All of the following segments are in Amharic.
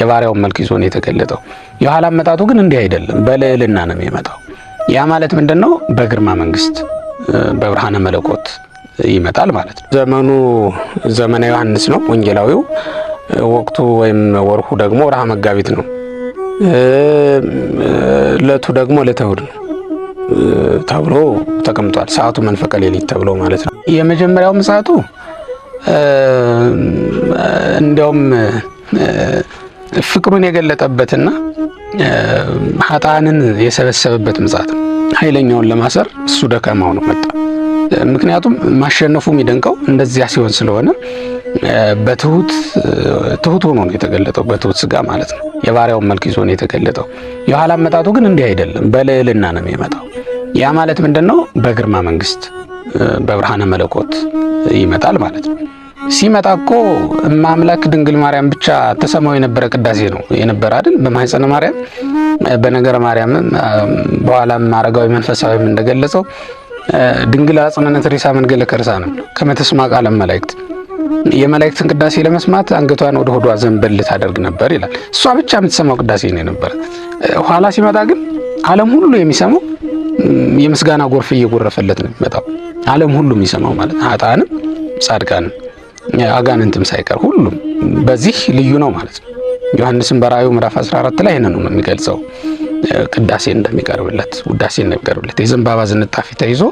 የባሪያውን መልክ ይዞ ነው የተገለጠው። የኋላ አመጣጡ ግን እንዲህ አይደለም፣ በልዕልና ነው የሚመጣው። ያ ማለት ምንድን ነው? በግርማ መንግስት በብርሃነ መለኮት ይመጣል ማለት ነው። ዘመኑ ዘመነ ዮሐንስ ነው ወንጌላዊው። ወቅቱ ወይም ወርሁ ደግሞ ወርሃ መጋቢት ነው። ለቱ ደግሞ ዕለተ ነው ተብሎ ተቀምጧል። ሰዓቱ መንፈቀ ሌሊት ተብሎ ማለት ነው። የመጀመሪያው ምጽአቱ እንዲያውም ፍቅሩን የገለጠበትና ሀጣንን የሰበሰበበት ምጽአት ነው። ኃይለኛውን ለማሰር እሱ ደካማው ነው መጣ። ምክንያቱም ማሸነፉ የሚደንቀው እንደዚያ ሲሆን ስለሆነ በትሁት ትሁት ሆኖ ነው የተገለጠው፣ በትሁት ስጋ ማለት ነው። የባሪያውን መልክ ይዞ ነው የተገለጠው። የኋላ መጣቱ ግን እንዲህ አይደለም፣ በልዕልና ነው የሚመጣው። ያ ማለት ምንድን ነው? በግርማ መንግስት፣ በብርሃነ መለኮት ይመጣል ማለት ነው። ሲመጣ እኮ ማምላክ ድንግል ማርያም ብቻ ተሰማው የነበረ ቅዳሴ ነው የነበረ አይደል? በማህፀነ ማርያም በነገረ ማርያም በኋላም አረጋዊ መንፈሳዊም እንደገለጸው ድንግል አጽንነት ሪሳ መንገለ ከርሳ ነው ከመተስማ ቃለ መላእክት የመላእክትን ቅዳሴ ለመስማት አንገቷን ወደ ሆዷ ዘንበል ታደርግ ነበር ይላል። እሷ ብቻ የምትሰማው ቅዳሴ ነው የነበረ። ኋላ ሲመጣ ግን ዓለም ሁሉ የሚሰማው የምስጋና ጎርፍ እየጎረፈለት ነው የሚመጣው። ዓለም ሁሉ የሚሰማው ማለት ሀጣንም ጻድቃንም አጋንንትም ሳይቀር ሁሉም በዚህ ልዩ ነው ማለት ነው። ዮሐንስም በራእዩ ምዕራፍ 14 ላይ ይህንን ነው የሚገልጸው። ቅዳሴ እንደሚቀርብለት ውዳሴ እንደሚቀርብለት የዘንባባ ዝንጣፊ ተይዞ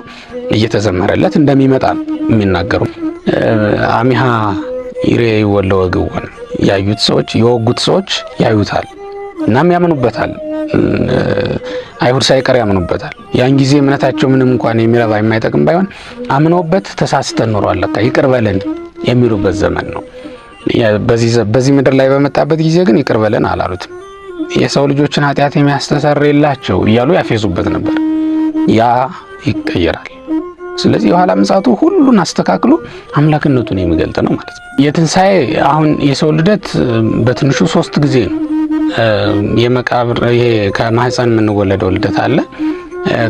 እየተዘመረለት እንደሚመጣ ነው የሚናገሩ። አሚሃ ይሬ ወለ ወግወን ያዩት ሰዎች የወጉት ሰዎች ያዩታል፣ እናም ያምኑበታል። አይሁድ ሳይቀር ያምኑበታል። ያን ጊዜ እምነታቸው ምንም እንኳን የሚረባ የማይጠቅም ባይሆን አምኖበት ተሳስተን ኖሯል ለካ ይቅር በለን የሚሉበት ዘመን ነው። በዚህ ምድር ላይ በመጣበት ጊዜ ግን ይቅር በለን አላሉትም። የሰው ልጆችን ኃጢአት የሚያስተሰር የላቸው እያሉ ያፌዙበት ነበር። ያ ይቀየራል። ስለዚህ የኋላ ምጻቱ ሁሉን አስተካክሎ አምላክነቱን የሚገልጥ ነው ማለት ነው። የትንሣኤ አሁን የሰው ልደት በትንሹ ሶስት ጊዜ ነው። የመቃብር ይሄ ከማህፀን የምንወለደው ልደት አለ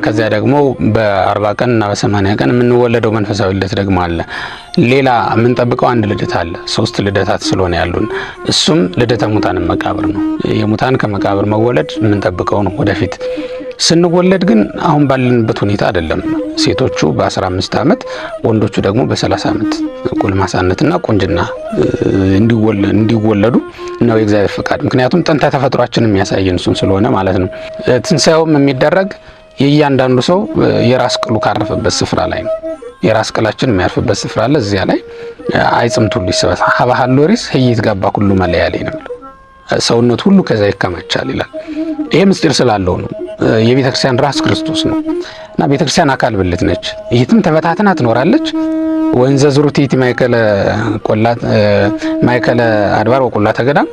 ከዚያ ደግሞ በአርባ ቀን እና በሰማንያ ቀን የምንወለደው መንፈሳዊ ልደት ደግሞ አለ። ሌላ የምንጠብቀው አንድ ልደት አለ። ሶስት ልደታት ስለሆነ ያሉን እሱም ልደተ ሙታንን መቃብር ነው። የሙታን ከመቃብር መወለድ የምንጠብቀው ነው። ወደፊት ስንወለድ ግን አሁን ባለንበት ሁኔታ አይደለም። ሴቶቹ በ15 ዓመት ወንዶቹ ደግሞ በ30 ዓመት ጎልማሳነትና ቁንጅና እንዲወለዱ ነው የእግዚአብሔር ፈቃድ ምክንያቱም ጥንተ ተፈጥሯችን የሚያሳየን እሱን ስለሆነ ማለት ነው። ትንሣኤውም የሚደረግ የእያንዳንዱ ሰው የራስ ቅሉ ካረፈበት ስፍራ ላይ ነው። የራስ ቅላችን የሚያርፍበት ስፍራ አለ። እዚያ ላይ አይጽምቱ ሊስበት ይሰበሳ ሀባሃል ሎሪስ ህይት ጋባ ሁሉ መለያሌ ነው። ሰውነት ሁሉ ከዛ ይከማቻል ይላል። ይሄ ምስጢር ስላለው ነው። የቤተ ክርስቲያን ራስ ክርስቶስ ነው እና ቤተ ክርስቲያን አካል ብልት ነች። ይህትም ተበታትና ትኖራለች። ወንዘ ዝሩቲት ማይከለ ቆላት ማይከለ አድባር ወቆላ ተገዳም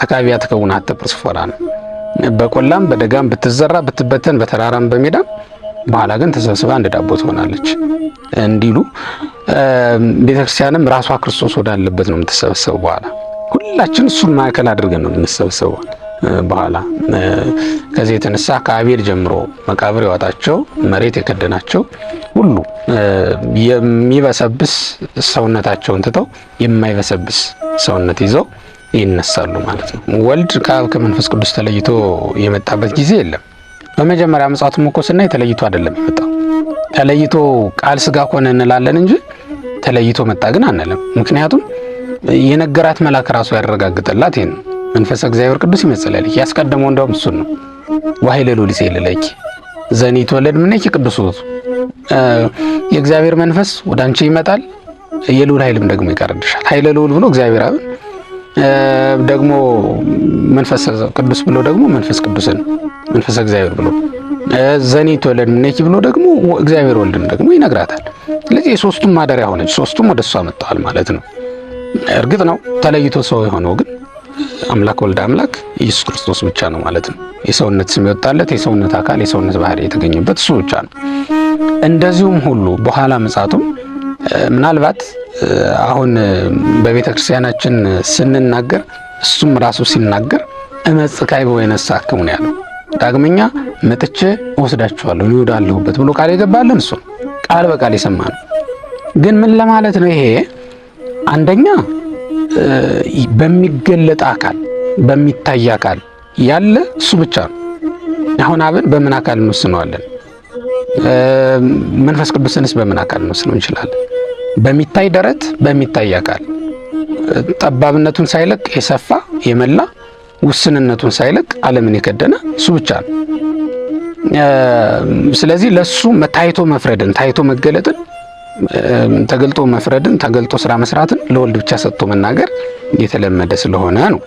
ተካቢያ ተከውና ተጵርስፎራ ነው በቆላም በደጋም ብትዘራ ብትበተን በተራራም በሜዳም በኋላ ግን ተሰብስባ እንደ ዳቦ ትሆናለች እንዲሉ ቤተክርስቲያንም ራሷ ክርስቶስ ወዳለበት ነው የምትሰበሰበው። በኋላ ሁላችን እሱን ማዕከል አድርገን ነው የምንሰበሰበው። በኋላ ከዚህ የተነሳ ከአቤል ጀምሮ መቃብር ያወጣቸው መሬት የከደናቸው ሁሉ የሚበሰብስ ሰውነታቸውን ትተው የማይበሰብስ ሰውነት ይዘው ይነሳሉ ማለት ነው። ወልድ ከአብ ከመንፈስ ቅዱስ ተለይቶ የመጣበት ጊዜ የለም። በመጀመሪያ ምጽአቱ እኮ ስናይ ተለይቶ አይደለም የመጣው። ተለይቶ ቃል ስጋ ሆነ እንላለን እንጂ ተለይቶ መጣ ግን አንልም። ምክንያቱም የነገራት መልአክ ራሱ ያረጋግጠላት ይህን መንፈሰ እግዚአብሔር ቅዱስ ይመጽላለች። ያስቀደመው እንደውም እሱን ነው። ዋህይለሉ ሊሴ ልለኪ ዘኒት ወለድ ምነኪ ቅዱስ የእግዚአብሔር መንፈስ ወደ አንቺ ይመጣል፣ የልዑል ኃይልም ደግሞ ይቀርድሻል። ኃይለ ልዑል ብሎ እግዚአብሔር አብን ደግሞ መንፈስ ቅዱስ ብሎ ደግሞ መንፈስ ቅዱስን መንፈስ እግዚአብሔር ብሎ ተወለድ ለምኔኪ ብሎ ደግሞ እግዚአብሔር ወልድን ደግሞ ይነግራታል። ስለዚህ የሶስቱም ማደሪያ ሆነች፣ ሶስቱም ወደ እሷ መጥተዋል ማለት ነው። እርግጥ ነው ተለይቶ ሰው የሆነው ግን አምላክ ወልድ አምላክ ኢየሱስ ክርስቶስ ብቻ ነው ማለት ነው። የሰውነት ስም የወጣለት የሰውነት አካል የሰውነት ባህሪ የተገኘበት እሱ ብቻ ነው። እንደዚሁም ሁሉ በኋላ ምጽአቱም ምናልባት አሁን በቤተ ክርስቲያናችን ስንናገር እሱም ራሱ ሲናገር እመጽካይ በወይነሳ አክሙ ነው ያለው። ዳግመኛ መጥቼ ወስዳችኋለሁ ይሁዳ አለሁበት ብሎ ቃል የገባለን እሱ ቃል በቃል የሰማ ነው። ግን ምን ለማለት ነው ይሄ? አንደኛ በሚገለጥ አካል በሚታይ አካል ያለ እሱ ብቻ ነው። አሁን አብን በምን አካል እንወስነዋለን? መንፈስ ቅዱስንስ በምን አካል እንወስነው እንችላለን? በሚታይ ደረት በሚታይ አካል ጠባብነቱን ሳይለቅ የሰፋ የመላ ውስንነቱን ሳይለቅ ዓለምን የከደነ እሱ ብቻ ነው። ስለዚህ ለሱ ታይቶ መፍረድን ታይቶ መገለጥን ተገልጦ መፍረድን ተገልጦ ስራ መስራትን ለወልድ ብቻ ሰጥቶ መናገር የተለመደ ስለሆነ ነው።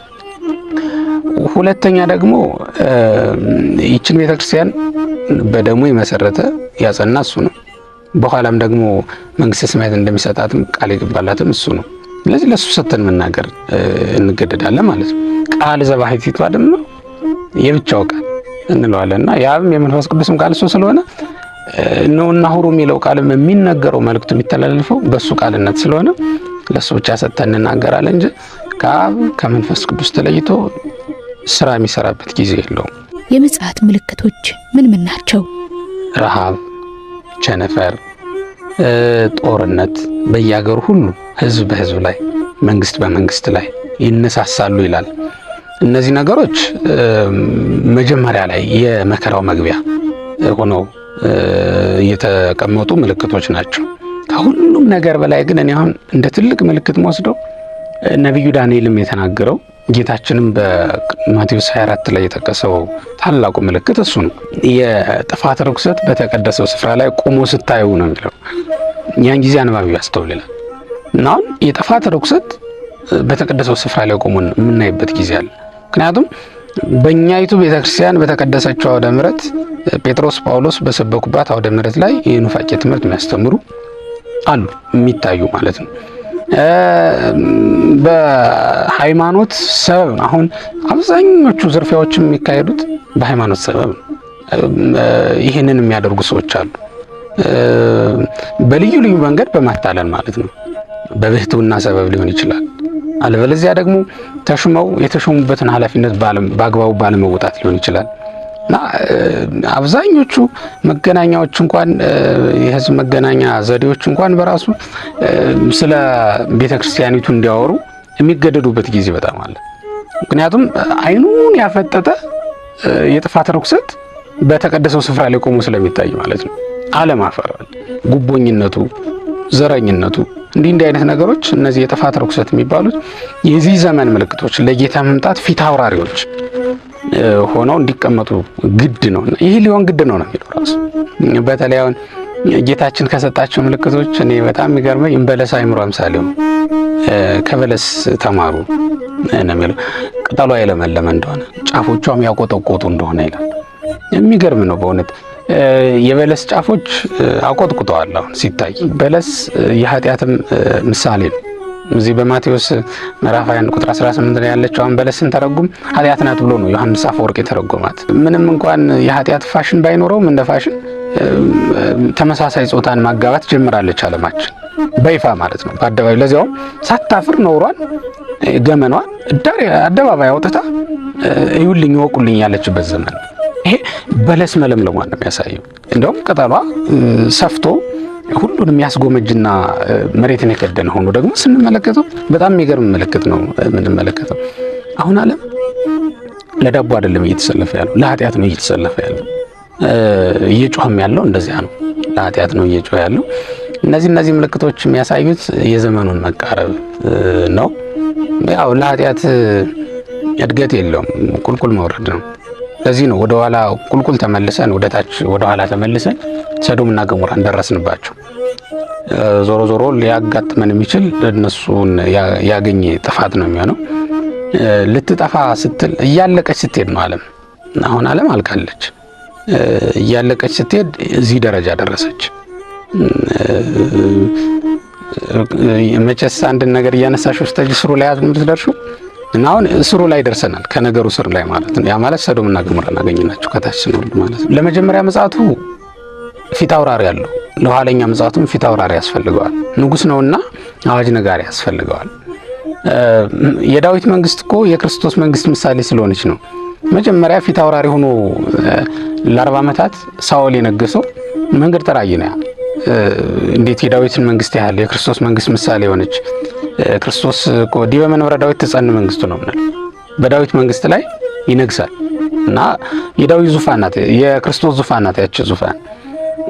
ሁለተኛ ደግሞ ይችን ቤተክርስቲያን በደሙ የመሰረተ ያጸና እሱ ነው። በኋላም ደግሞ መንግስተ ሰማያት እንደሚሰጣትም ቃል የገባላትም እሱ ነው። ስለዚህ ለእሱ ሰተን መናገር እንገደዳለን ማለት ነው። ቃል ዘባሕይ ሲባልም ነው የብቻው ቃል እንለዋለን እና ያም የመንፈስ ቅዱስም ቃል እሱ ስለሆነ ነውና ሁሩ የሚለው ቃልም የሚነገረው መልእክቱ የሚተላለፈው በእሱ ቃልነት ስለሆነ ለእሱ ብቻ ሰተን እንናገራለን እንጂ ከአብ ከመንፈስ ቅዱስ ተለይቶ ስራ የሚሰራበት ጊዜ የለውም። የምጽአት ምልክቶች ምን ምን ናቸው? ረሃብ ቸነፈር፣ ጦርነት በየሀገሩ ሁሉ ህዝብ በህዝብ ላይ መንግስት በመንግስት ላይ ይነሳሳሉ ይላል። እነዚህ ነገሮች መጀመሪያ ላይ የመከራው መግቢያ ሆነው የተቀመጡ ምልክቶች ናቸው። ከሁሉም ነገር በላይ ግን እኔ አሁን እንደ ትልቅ ምልክት መወስደው ነቢዩ ዳንኤልም የተናገረው ጌታችንም በማቴዎስ 24 ላይ የጠቀሰው ታላቁ ምልክት እሱ ነው። የጥፋት ርኩሰት በተቀደሰው ስፍራ ላይ ቆሞ ስታዩ ነው የሚለው። ያን ጊዜ አንባቢ ያስተውልላል። እና አሁን የጥፋት ርኩሰት በተቀደሰው ስፍራ ላይ ቆሞ የምናይበት ጊዜ አለ። ምክንያቱም በእኛይቱ ቤተክርስቲያን በተቀደሰችው አውደ ምረት ጴጥሮስ ጳውሎስ በሰበኩባት አውደ ምረት ላይ የኑፋቄ ትምህርት የሚያስተምሩ አሉ የሚታዩ ማለት ነው። በሃይማኖት ሰበብ ነው። አሁን አብዛኞቹ ዝርፊያዎች የሚካሄዱት በሃይማኖት ሰበብ ነው። ይህንን የሚያደርጉ ሰዎች አሉ። በልዩ ልዩ መንገድ በማታለል ማለት ነው። በብህትውና ሰበብ ሊሆን ይችላል። አለበለዚያ ደግሞ ተሹመው የተሾሙበትን ኃላፊነት በአግባቡ ባለመወጣት ሊሆን ይችላል። እና አብዛኞቹ መገናኛዎች እንኳን የህዝብ መገናኛ ዘዴዎች እንኳን በራሱ ስለ ቤተ ክርስቲያኒቱ እንዲያወሩ የሚገደዱበት ጊዜ በጣም አለ። ምክንያቱም አይኑን ያፈጠጠ የጥፋት ርኩሰት በተቀደሰው ስፍራ ላይ ቆሞ ስለሚታይ ማለት ነው። አፈራል፣ ጉቦኝነቱ፣ ዘረኝነቱ እንዲህ እንዲህ አይነት ነገሮች እነዚህ የጥፋት ርኩሰት የሚባሉት የዚህ ዘመን ምልክቶች፣ ለጌታ መምጣት ፊት አውራሪዎች ሆነው እንዲቀመጡ ግድ ነው። ይህ ሊሆን ግድ ነው ነው የሚለው ራሱ። በተለይ አሁን ጌታችን ከሰጣቸው ምልክቶች እኔ በጣም የሚገርመኝ እምበለስ አይምሮ አምሳሌው ከበለስ ተማሩ ነው የሚለው። ቅጠሏ የለመለመ እንደሆነ ጫፎቿም ያቆጠቆጡ እንደሆነ ይላል። የሚገርም ነው በእውነት የበለስ ጫፎች አቆጥቁጠዋል። አሁን ሲታይ በለስ የኃጢአትም ምሳሌ ነው። እዚህ በማቴዎስ ምዕራፍ 21 ቁጥር 18 ላይ ያለችው አሁን በለስን ተረጉም ኃጢአት ናት ብሎ ነው ዮሐንስ አፈወርቅ የተረጎማት። ምንም እንኳን የኃጢአት ፋሽን ባይኖረውም እንደ ፋሽን ተመሳሳይ ጾታን ማጋባት ጀምራለች ዓለማችን በይፋ ማለት ነው። በአደባባይ ለዚያውም ሳታፍር ኖሯን ገመኗን ዳር አደባባይ አውጥታ እዩልኝ ወቁልኝ ያለችበት ዘመን ይሄ በለስ መለምለሟን ነው የሚያሳየው። እንደውም ቅጠሏ ሰፍቶ ሁሉንም ያስጎመጅና መሬትን የከደነ ሆኖ ደግሞ ስንመለከተው በጣም የሚገርም ምልክት ነው የምንመለከተው። አሁን ዓለም ለዳቦ አይደለም እየተሰለፈ ያለው ለኃጢአት ነው እየተሰለፈ ያለው። እየጮኸም ያለው እንደዚያ ነው፣ ለኃጢአት ነው እየጮኸ ያለው። እነዚህ እነዚህ ምልክቶች የሚያሳዩት የዘመኑን መቃረብ ነው። ያው ለኃጢአት እድገት የለውም፣ ቁልቁል መውረድ ነው። ለዚህ ነው ወደኋላ ቁልቁል ተመልሰን ወደታች ወደኋላ ተመልሰን ሰዶም ተመልሰን ሰዶምና ገሞራን ደረስንባቸው። ዞሮ ዞሮ ሊያጋጥመን የሚችል እነሱን ያገኘ ጥፋት ነው የሚሆነው። ልትጠፋ ስትል እያለቀች ስትሄድ ነው ዓለም አሁን ዓለም አልቃለች። እያለቀች ስትሄድ እዚህ ደረጃ ደረሰች። መቼስ አንድን ነገር እያነሳሽ ውስጥ ስሩ ላይ ምትደርሹ እና አሁን ስሩ ላይ ደርሰናል። ከነገሩ ስር ላይ ማለት ነው። ያ ማለት ሰዶምና ገሞራን አገኘናቸው ከታች ነው ማለት ነው። ለመጀመሪያ ምጽአቱ ፊት አውራሪ አለው። ለኋለኛ ምጽአቱም ፊት አውራሪ ያስፈልገዋል። ንጉስ ነውና አዋጅ ነጋሪ ያስፈልገዋል። የዳዊት መንግስት እኮ የክርስቶስ መንግስት ምሳሌ ስለሆነች ነው። መጀመሪያ ፊት አውራሪ ሆኖ ለአርባ ዓመታት ሳኦል የነገሰው መንገድ ጠራጊ ነው። እንዴት የዳዊትን መንግስት ያህል የክርስቶስ መንግስት ምሳሌ የሆነች ክርስቶስ እኮ ዲበ መንበረ ዳዊት ትጸን መንግስቱ ነው ምናል በዳዊት መንግስት ላይ ይነግሳል እና የዳዊት ዙፋን ናት፣ የክርስቶስ ዙፋን ናት። ያች ዙፋን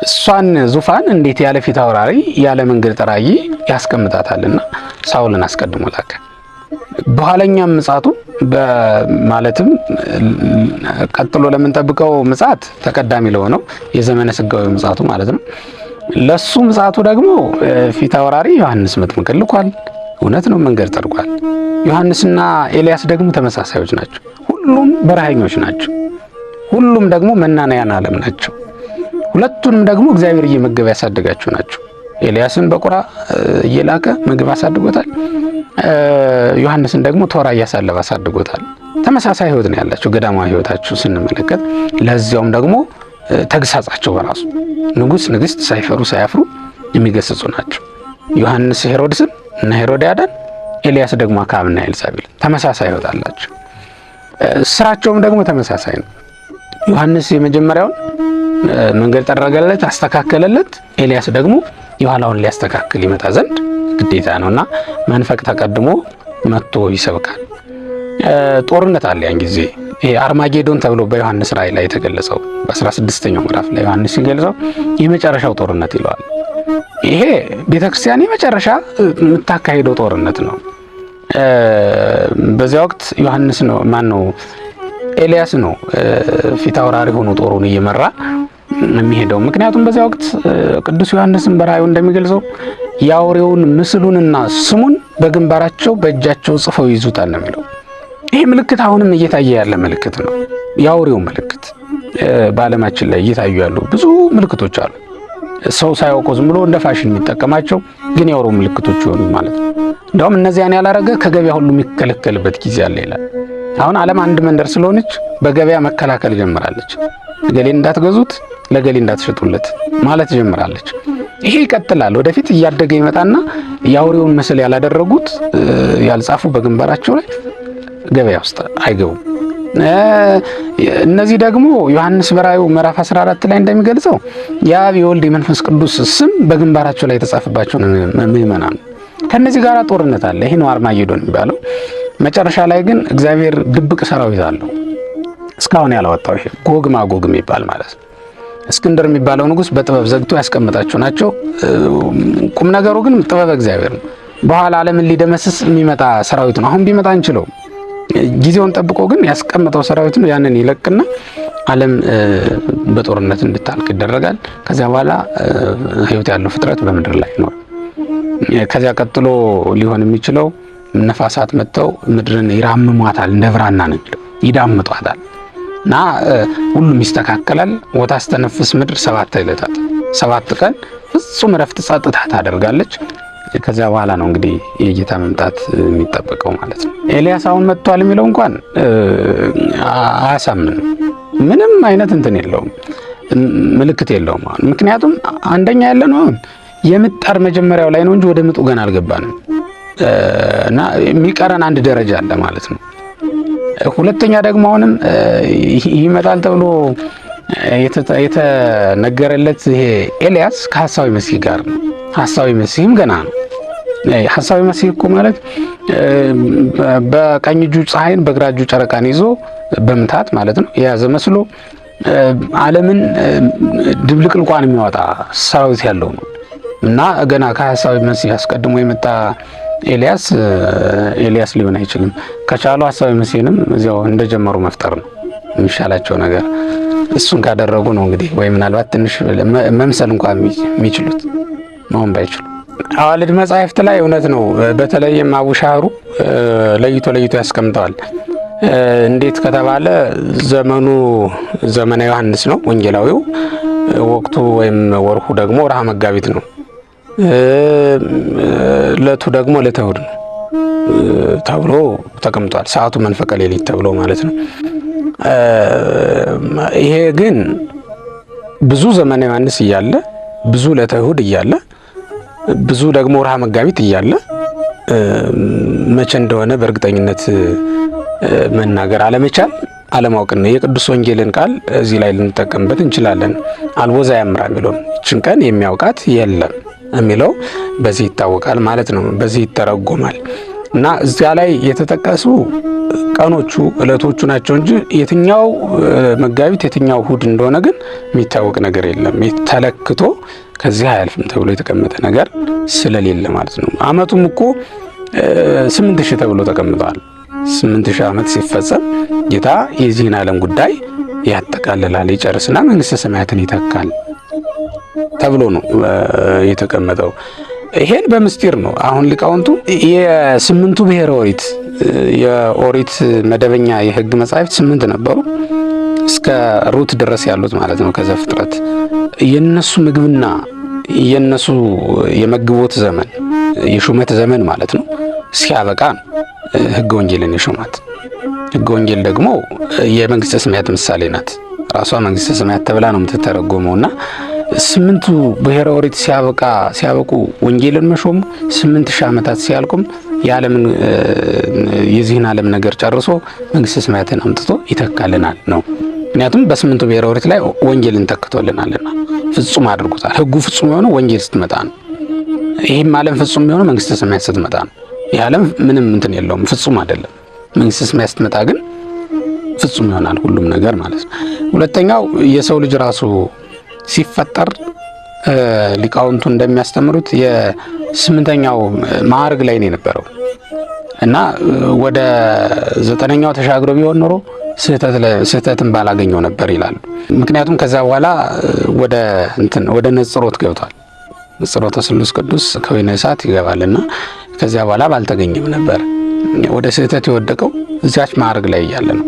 እሷን ዙፋን እንዴት ያለ ፊት አውራሪ ያለ መንገድ ጠራይ ያስቀምጣታልና ሳውልን አስቀድሞ ላከ። በኋለኛም ምጻቱ ማለትም ቀጥሎ ለምንጠብቀው ምጻት ተቀዳሚ ለሆነው የዘመነ ስጋዊ ምጻቱ ማለት ነው። ለሱ ምጻቱ ደግሞ ፊት አውራሪ ዮሐንስ ምጥምቅ ልኳል። እውነት ነው፣ መንገድ ጠርጓል። ዮሐንስና ኤልያስ ደግሞ ተመሳሳዮች ናቸው። ሁሉም በረሃኞች ናቸው። ሁሉም ደግሞ መናንያን ዓለም ናቸው። ሁለቱንም ደግሞ እግዚአብሔር እየመገበ ያሳደጋቸው ናቸው። ኤልያስን በቁራ እየላከ ምግብ አሳድጎታል። ዮሐንስን ደግሞ ቶራ እያሳለፈ አሳድጎታል። ተመሳሳይ ህይወት ነው ያላቸው ገዳማዊ ህይወታቸው ስንመለከት ለዚያውም ደግሞ ተግሳጻቸው በራሱ ንጉሥ ንግሥት ሳይፈሩ ሳያፍሩ የሚገስጹ ናቸው። ዮሐንስ ሄሮድስን እነ ሄሮድያዳን፣ ኤልያስ ደግሞ አካብና ኤልሳቤል ተመሳሳይ ይወጣላቸው። ስራቸውም ደግሞ ተመሳሳይ ነው። ዮሐንስ የመጀመሪያውን መንገድ ጠረገለት፣ አስተካከለለት። ኤልያስ ደግሞ የኋላውን ሊያስተካክል ይመጣ ዘንድ ግዴታ ነውና መንፈቅ ተቀድሞ መጥቶ ይሰብካል። ጦርነት አለ። ያን ጊዜ ይሄ አርማጌዶን ተብሎ በዮሐንስ ራእይ ላይ የተገለጸው በ16ኛው ምዕራፍ ላይ ዮሐንስ ሲገልጸው የመጨረሻው ጦርነት ይለዋል። ይሄ ቤተክርስቲያን የመጨረሻ የምታካሄደው ጦርነት ነው። በዚያ ወቅት ዮሐንስ ነው ማን ነው ኤልያስ ነው ፊት አውራሪ ሆኖ ጦሩን እየመራ የሚሄደው። ምክንያቱም በዚያ ወቅት ቅዱስ ዮሐንስን በራዩ እንደሚገልጸው የአውሬውን ምስሉንና ስሙን በግንባራቸው በእጃቸው ጽፈው ይዙታል ነው የሚለው። ይሄ ምልክት አሁንም እየታየ ያለ ምልክት ነው። የአውሬው ምልክት በዓለማችን ላይ እየታዩ ያሉ ብዙ ምልክቶች አሉ። ሰው ሳያውቀው ዝም ብሎ እንደ ፋሽን የሚጠቀማቸው ግን የወሮ ምልክቶች ይሆኑ ማለት ነው። እንደውም እነዚያን ያላረገ ከገበያ ሁሉ የሚከለከልበት ጊዜ አለ ይላል። አሁን ዓለም አንድ መንደር ስለሆነች በገበያ መከላከል ጀምራለች። ገሌ እንዳትገዙት፣ ለገሌ እንዳትሸጡለት ማለት ጀምራለች። ይሄ ይቀጥላል። ወደፊት እያደገ ይመጣና የአውሬውን ምስል ያላደረጉት ያልጻፉ በግንባራቸው ላይ ገበያ ውስጥ አይገቡም። እነዚህ ደግሞ ዮሐንስ በራዩ ምዕራፍ 14 ላይ እንደሚገልጸው የአብ የወልድ የመንፈስ ቅዱስ ስም በግንባራቸው ላይ የተጻፈባቸው ምእመናን ነው። ጋር ጦርነት አለ። ይሄ ነው አርማጌዶን የሚባለው። መጨረሻ ላይ ግን እግዚአብሔር ድብቅ ሰራዊት አለው። እስካሁን ያላወጣው ይሄ ጎግ ማጎግ የሚባል ማለት ነው። እስክንድር የሚባለው ንጉስ በጥበብ ዘግቶ ያስቀምጣቸው ናቸው። ቁም ነገሩ ግን ጥበብ እግዚአብሔር ነው። በኋላ ዓለምን ሊደመስስ የሚመጣ ሰራዊት ነው። አሁን ቢመጣ እንችለው። ጊዜውን ጠብቆ ግን ያስቀመጠው ሰራዊት ነው። ያንን ይለቅና ዓለም በጦርነት እንድታልቅ ይደረጋል። ከዚያ በኋላ ህይወት ያለው ፍጥረት በምድር ላይ ይኖር። ከዚያ ቀጥሎ ሊሆን የሚችለው ነፋሳት መጥተው ምድርን ይራምሟታል፣ እንደ ብራና ነው ይዳምጧታል። እና ሁሉም ይስተካከላል። ወታስተነፍስ ምድር ሰባት ዕለታት ሰባት ቀን ፍጹም እረፍት ጸጥታ ታደርጋለች። ከዚያ በኋላ ነው እንግዲህ የጌታ መምጣት የሚጠበቀው ማለት ነው። ኤልያስ አሁን መጥቷል የሚለው እንኳን አያሳምንም። ምንም አይነት እንትን የለውም፣ ምልክት የለውም። አሁን ምክንያቱም አንደኛ ያለ ነው አሁን የምጣር መጀመሪያው ላይ ነው እንጂ ወደ ምጡ ገና አልገባንም እና የሚቀረን አንድ ደረጃ አለ ማለት ነው። ሁለተኛ ደግሞ አሁንም ይመጣል ተብሎ የተነገረለት ይሄ ኤልያስ ከሀሳዊ መሲህ ጋር ነው ሐሳዊ መሲህም ገና ነው። ሐሳዊ መሲህ እኮ ማለት በቀኝ እጁ ፀሐይን በግራ እጁ ጨረቃን ይዞ በምታት ማለት ነው የያዘ መስሎ ዓለምን ድብልቅልቋን የሚያወጣ ሰራዊት ያለው ነው እና ገና ከሐሳዊ መሲህ አስቀድሞ የመጣ ኤልያስ ኤልያስ ሊሆን አይችልም። ከቻሉ ሀሳዊ መሲህንም እዚያው እንደጀመሩ መፍጠር ነው የሚሻላቸው ነገር። እሱን ካደረጉ ነው እንግዲህ ወይ ምናልባት ትንሽ መምሰል እንኳን የሚችሉት መሆን ባይችሉ አዋልድ መጽሐፍት ላይ እውነት ነው። በተለይም አቡሻህሩ ለይቶ ለይቶ ያስቀምጠዋል። እንዴት ከተባለ ዘመኑ ዘመነ ዮሐንስ ነው ወንጌላዊው፣ ወቅቱ ወይም ወርሁ ደግሞ ወርሃ መጋቢት ነው። እለቱ ደግሞ ዕለተ እሑድ ነው ተብሎ ተቀምጧል። ሰዓቱ መንፈቀ ሌሊት ተብሎ ማለት ነው። ይሄ ግን ብዙ ዘመነ ዮሐንስ እያለ ብዙ ዕለተ እሑድ እያለ ብዙ ደግሞ ወርሃ መጋቢት እያለ መቼ እንደሆነ በእርግጠኝነት መናገር አለመቻል አለማወቅን ነው። የቅዱስ ወንጌልን ቃል እዚህ ላይ ልንጠቀምበት እንችላለን። አልቦዛ ያምራ የሚለውን ይችን ቀን የሚያውቃት የለም የሚለው በዚህ ይታወቃል ማለት ነው። በዚህ ይተረጎማል እና እዚያ ላይ የተጠቀሱ ቀኖቹ እለቶቹ ናቸው እንጂ የትኛው መጋቢት የትኛው እሁድ እንደሆነ ግን የሚታወቅ ነገር የለም ተለክቶ ከዚህ አያልፍም ተብሎ የተቀመጠ ነገር ስለሌለ ማለት ነው። አመቱም እኮ ስምንት ሺህ ተብሎ ተቀምጧል። ስምንት ሺህ ዓመት ሲፈጸም ጌታ የዚህን ዓለም ጉዳይ ያጠቃልላል፣ ይጨርስና መንግስተ ሰማያትን ይተካል ተብሎ ነው የተቀመጠው። ይሄን በምስጢር ነው። አሁን ሊቃውንቱ የስምንቱ ብሔረ ኦሪት የኦሪት መደበኛ የህግ መጻሕፍት ስምንት ነበሩ እስከ ሩት ድረስ ያሉት ማለት ነው ከዘፍጥረት የነሱ ምግብና የነሱ የመግቦት ዘመን የሹመት ዘመን ማለት ነው ሲያበቃ ነው ህገ ወንጌልን የሹማት። ህገ ወንጌል ደግሞ የመንግስተ ሰማያት ምሳሌ ናት። ራሷ መንግስተ ሰማያት ተብላ ነው የምትተረጎመው እና ስምንቱ ብሔረ ኦሪት ሲያበቃ ሲያበቁ ወንጌልን መሾሙ ስምንት ሺህ ዓመታት ሲያልቁም የዓለምን የዚህን ዓለም ነገር ጨርሶ መንግስተ ሰማያትን አምጥቶ ይተካልናል ነው። ምክንያቱም በስምንቱ ብሔረ ኦሪት ላይ ወንጌልን ተክቶልናልና ፍጹም አድርጎታል። ህጉ ፍጹም የሆነ ወንጌል ስትመጣ ነው። ይህም ዓለም ፍጹም የሆነ መንግስተ ሰማያት ስትመጣ ነው። ይህ ዓለም ምንም እንትን የለውም፣ ፍጹም አይደለም። መንግስተ ሰማያት ስትመጣ ግን ፍጹም ይሆናል ሁሉም ነገር ማለት ነው። ሁለተኛው የሰው ልጅ ራሱ ሲፈጠር ሊቃውንቱ እንደሚያስተምሩት የስምንተኛው ማዕርግ ላይ ነው የነበረው እና ወደ ዘጠነኛው ተሻግሮ ቢሆን ኖሮ ስህተትን ባላገኘው ነበር ይላሉ። ምክንያቱም ከዛ በኋላ ወደ እንትን ወደ ነጽሮት ገብቷል። ነጽሮተ ስሉስ ቅዱስ ከወይነ እሳት ይገባልና ከዚያ በኋላ ባልተገኘም ነበር። ወደ ስህተት የወደቀው እዚያች ማዕርግ ላይ እያለ ነው።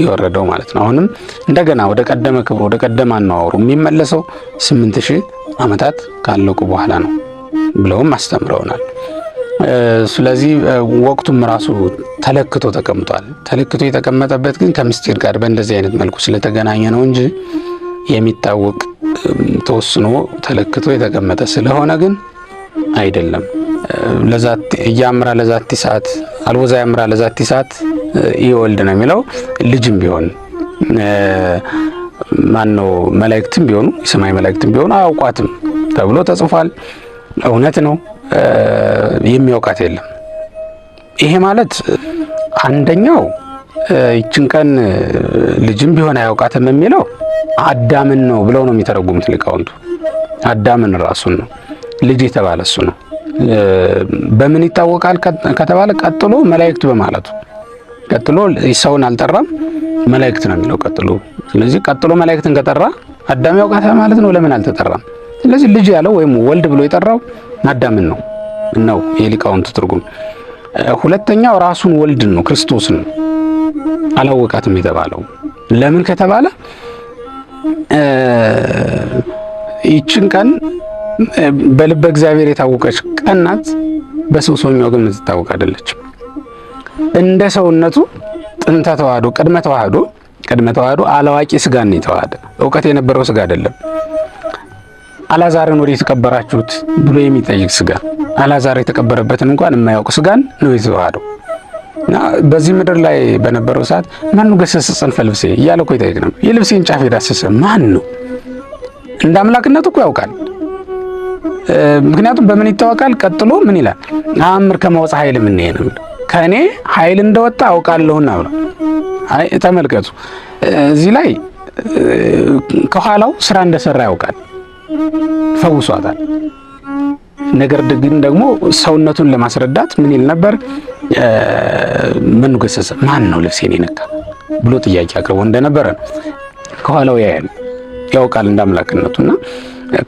የወረደው ማለት ነው። አሁንም እንደገና ወደ ቀደመ ክብሩ ወደ ቀደመ አነዋወሩ የሚመለሰው ስምንት ሺህ ዓመታት ካለቁ በኋላ ነው ብለውም አስተምረውናል። ስለዚህ ወቅቱም ራሱ ተለክቶ ተቀምጧል። ተለክቶ የተቀመጠበት ግን ከምስጢር ጋር በእንደዚህ አይነት መልኩ ስለተገናኘ ነው እንጂ የሚታወቅ ተወስኖ ተለክቶ የተቀመጠ ስለሆነ ግን አይደለም። እያምራ ለዛቲ ሰዓት አልቦዛ ያምራ ለዛቲ ሰዓት ይወልድ ነው የሚለው ልጅም ቢሆን ማን ነው መላእክትም ቢሆኑ የሰማይ መላእክትም ቢሆኑ አያውቋትም ተብሎ ተጽፏል። እውነት ነው፣ የሚያውቃት የለም። ይሄ ማለት አንደኛው ይችን ቀን ልጅም ቢሆን አያውቃትም የሚለው አዳምን ነው ብለው ነው የሚተረጉሙት ሊቃውንቱ። አዳምን ራሱን ነው ልጅ የተባለ እሱ ነው። በምን ይታወቃል ከተባለ ቀጥሎ መላእክት በማለቱ ቀጥሎ ሰውን አልጠራም፣ መላእክት ነው የሚለው ቀጥሎ። ስለዚህ ቀጥሎ መላእክትን ከጠራ አዳም ያውቃታል ማለት ነው። ለምን አልተጠራም? ስለዚህ ልጅ ያለው ወይም ወልድ ብሎ የጠራው አዳምን ነው ነው የሊቃውንቱ ትርጉም። ሁለተኛው ራሱን ወልድን ነው ክርስቶስን አላወቃትም የተባለው ለምን ከተባለ ይችን ቀን በልበ እግዚአብሔር የታወቀች ቀናት በስብሶኛው ግን የምትታወቅ አይደለች እንደ ሰውነቱ ጥንተ ተዋህዶ ቅድመ ተዋህዶ ቅድመ ተዋህዶ አላዋቂ ስጋን የተዋህደ እውቀት የነበረው ስጋ አይደለም። አላዛርን ወዴት የተቀበራችሁት ብሎ የሚጠይቅ ስጋ አላዛር የተቀበረበትን እንኳን የማያውቅ ስጋን ነው የተዋህደው እና በዚህ ምድር ላይ በነበረው ሰዓት ማኑ ገሰሰ ጽንፈ ልብሴ እያለ እኮ ይጠይቅ ነው። የልብሴን ጫፍ የዳሰሰ ማን ነው? እንደ አምላክነቱ እኮ ያውቃል። ምክንያቱም በምን ይታወቃል? ቀጥሎ ምን ይላል? አእምር ከመወፅ ኃይል ምን ይሄ ነው ከእኔ ኃይል እንደወጣ አውቃለሁና ብሎ ተመልከቱ። እዚህ ላይ ከኋላው ስራ እንደሰራ ያውቃል፣ ፈውሷታል። ነገር ግን ደግሞ ሰውነቱን ለማስረዳት ምን ይል ነበር? ምኑ ገሰሰ ማን ነው ልብሴን የነካ ብሎ ጥያቄ አቅርቦ እንደነበረ ነው። ከኋላው ያያል፣ ያውቃል እንዳምላክነቱና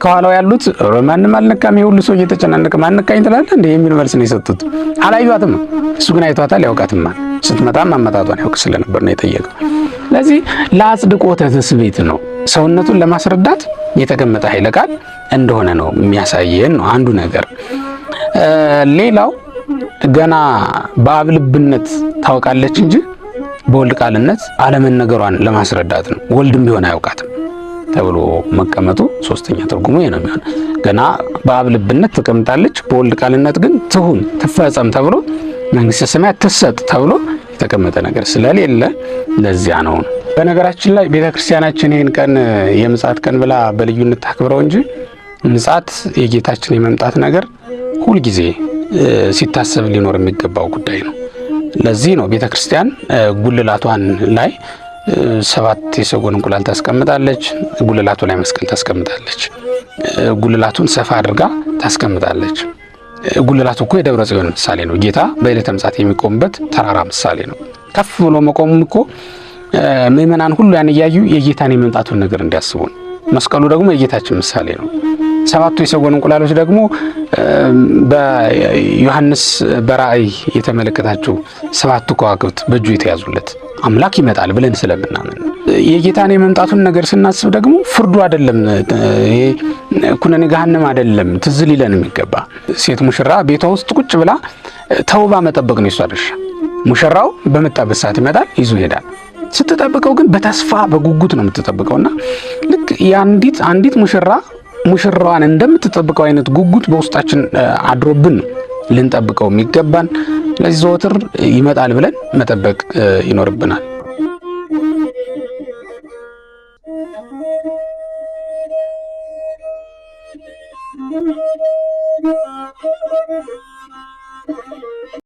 ከኋላው ያሉት ማንም አልነካም፣ ይሄ ሁሉ ሰው እየተጨናነቀ ማንነካኝ ትላለህ እንደ የሚል መልስ ነው የሰጡት። አላዩዋትም። እሱ ግን አይቷታል፣ ያውቃትማል። ስትመጣም አመጣቷን ያውቅ ስለነበር ነው የጠየቀው። ስለዚህ ለአጽድቆተ ትስብእት ነው ሰውነቱን ለማስረዳት የተቀመጠ ኃይለ ቃል እንደሆነ ነው የሚያሳየን ነው አንዱ ነገር። ሌላው ገና በአብ ልብነት ታውቃለች እንጂ በወልድ ቃልነት አለመነገሯን ለማስረዳት ነው። ወልድም ቢሆን አያውቃትም። ተብሎ መቀመጡ ሶስተኛ ትርጉሙ ይህ ነው የሚሆን። ገና በአብ ልብነት ተቀምጣለች፣ በወልድ ቃልነት ግን ትሁን ትፈጸም ተብሎ መንግስተ ሰማያት ትሰጥ ተብሎ የተቀመጠ ነገር ስለሌለ ለዚያ ነው። በነገራችን ላይ ቤተ ክርስቲያናችን ይህን ቀን የምጽአት ቀን ብላ በልዩነት ታክብረው እንጂ ምጽአት የጌታችን የመምጣት ነገር ሁልጊዜ ሲታሰብ ሊኖር የሚገባው ጉዳይ ነው። ለዚህ ነው ቤተ ክርስቲያን ጉልላቷን ላይ ሰባት የሰጎን እንቁላል ታስቀምጣለች። ጉልላቱ ላይ መስቀል ታስቀምጣለች። ጉልላቱን ሰፋ አድርጋ ታስቀምጣለች። ጉልላቱ እኮ የደብረ ጽዮን ምሳሌ ነው። ጌታ በዕለተ ምጽአት የሚቆምበት ተራራ ምሳሌ ነው። ከፍ ብሎ መቆሙም እኮ ምእመናን ሁሉ ያን እያዩ የጌታን የመምጣቱን ነገር እንዲያስቡ ነው። መስቀሉ ደግሞ የጌታችን ምሳሌ ነው። ሰባቱ የሰጎን እንቁላሎች ደግሞ በዮሐንስ በራእይ የተመለከታቸው ሰባቱ ከዋክብት በእጁ የተያዙለት አምላክ ይመጣል ብለን ስለምናምን የጌታን የመምጣቱን ነገር ስናስብ ደግሞ ፍርዱ አይደለም፣ ኩነኔ ገሃነም አይደለም ትዝ ሊለን የሚገባ ሴት ሙሽራ ቤቷ ውስጥ ቁጭ ብላ ተውባ መጠበቅ ነው የሷ ድርሻ። ሙሽራው በመጣበት ሰዓት ይመጣል፣ ይዞ ይሄዳል። ስትጠብቀው ግን በተስፋ በጉጉት ነው የምትጠብቀውና ልክ የአንዲት አንዲት ሙሽራ ሙሽራዋን እንደምትጠብቀው አይነት ጉጉት በውስጣችን አድሮብን ልንጠብቀው የሚገባን። ለዚህ ዘወትር ይመጣል ብለን መጠበቅ ይኖርብናል።